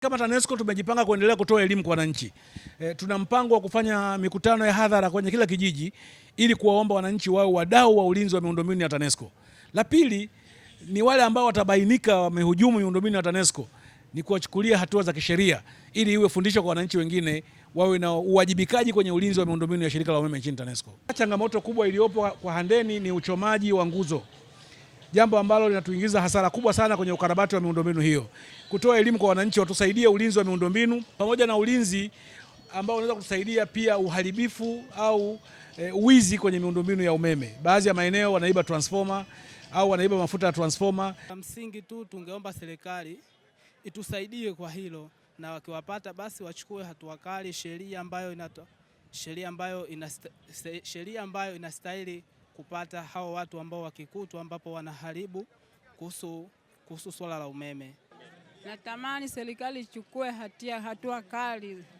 Kama TANESCO tumejipanga kuendelea kutoa elimu kwa wananchi. E, tuna mpango wa kufanya mikutano ya hadhara kwenye kila kijiji ili kuwaomba wananchi wawe wadau wa ulinzi wa miundombinu ya TANESCO. La pili ni wale ambao watabainika wamehujumu miundombinu ya TANESCO ni kuwachukulia hatua za kisheria ili iwe fundisho kwa wananchi wengine wawe na uwajibikaji kwenye ulinzi wa miundombinu ya shirika la umeme nchini TANESCO. Changamoto kubwa iliyopo kwa Handeni ni uchomaji wa nguzo jambo ambalo linatuingiza hasara kubwa sana kwenye ukarabati wa miundombinu hiyo. Kutoa elimu kwa wananchi watusaidie ulinzi wa miundombinu pamoja na ulinzi ambao unaweza kutusaidia pia uharibifu au e, uwizi kwenye miundombinu ya umeme. Baadhi ya maeneo wanaiba transformer au wanaiba mafuta ya transformer. Msingi tu tungeomba serikali itusaidie kwa hilo, na wakiwapata basi wachukue hatua kali, sheria ambayo inastahili kupata hao watu ambao wakikutwa ambapo wanaharibu kuhusu kuhusu swala la umeme. Natamani serikali ichukue hatia hatua kali